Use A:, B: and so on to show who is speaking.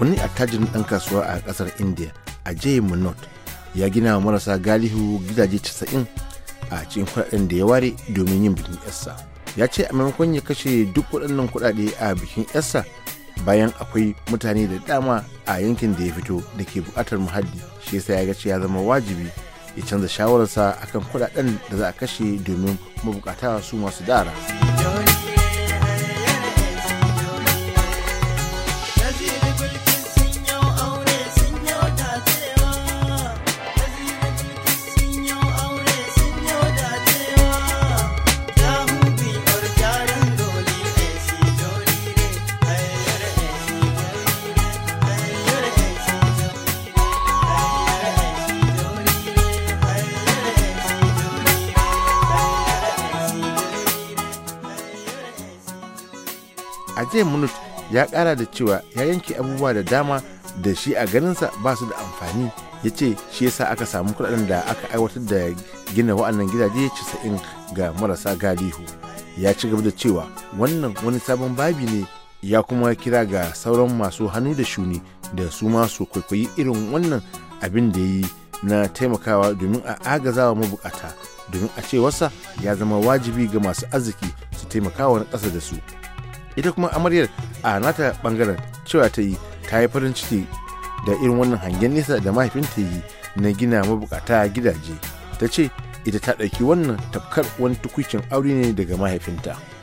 A: wani attajirin ɗan kasuwa a ƙasar india ajay munot ya gina wa marasa galihu gidaje 90 a cikin kudaden da ya ware domin yin bikin yassa ya ce a maimakon ya kashe duk waɗannan kuɗaɗe a bikin yassa bayan akwai mutane da dama a yankin da ya fito da ke buƙatar muhalli shi yasa ya ga ya zama wajibi ya canza shawararsa akan kuɗaɗen da za a kashe domin mabukata su masu dara. ajay munut ya kara da cewa ya yanke abubuwa da dama da shi a ganinsa ba su da amfani ya ce shi yasa aka samu kudaden da aka aiwatar da gina wa'annan gidaje 90 ga marasa galihu ya ci gaba da cewa wannan wani sabon babi ne ya kuma kira ga sauran masu hannu da shuni da su masu kwaikwayi irin wannan abin da yi na taimakawa domin a agazawa mabukata domin a ce wasa ya zama wajibi ga masu arziki su taimakawa na ƙasa da su ita kuma amaryar a nata bangaren cewa ta yi ta yi farin ciki da irin wannan hangen nesa da mahaifinta yi na gina mabukata gidaje ta ce ita ta ɗauki wannan tafkar wani tukucin aure ne daga mahaifinta.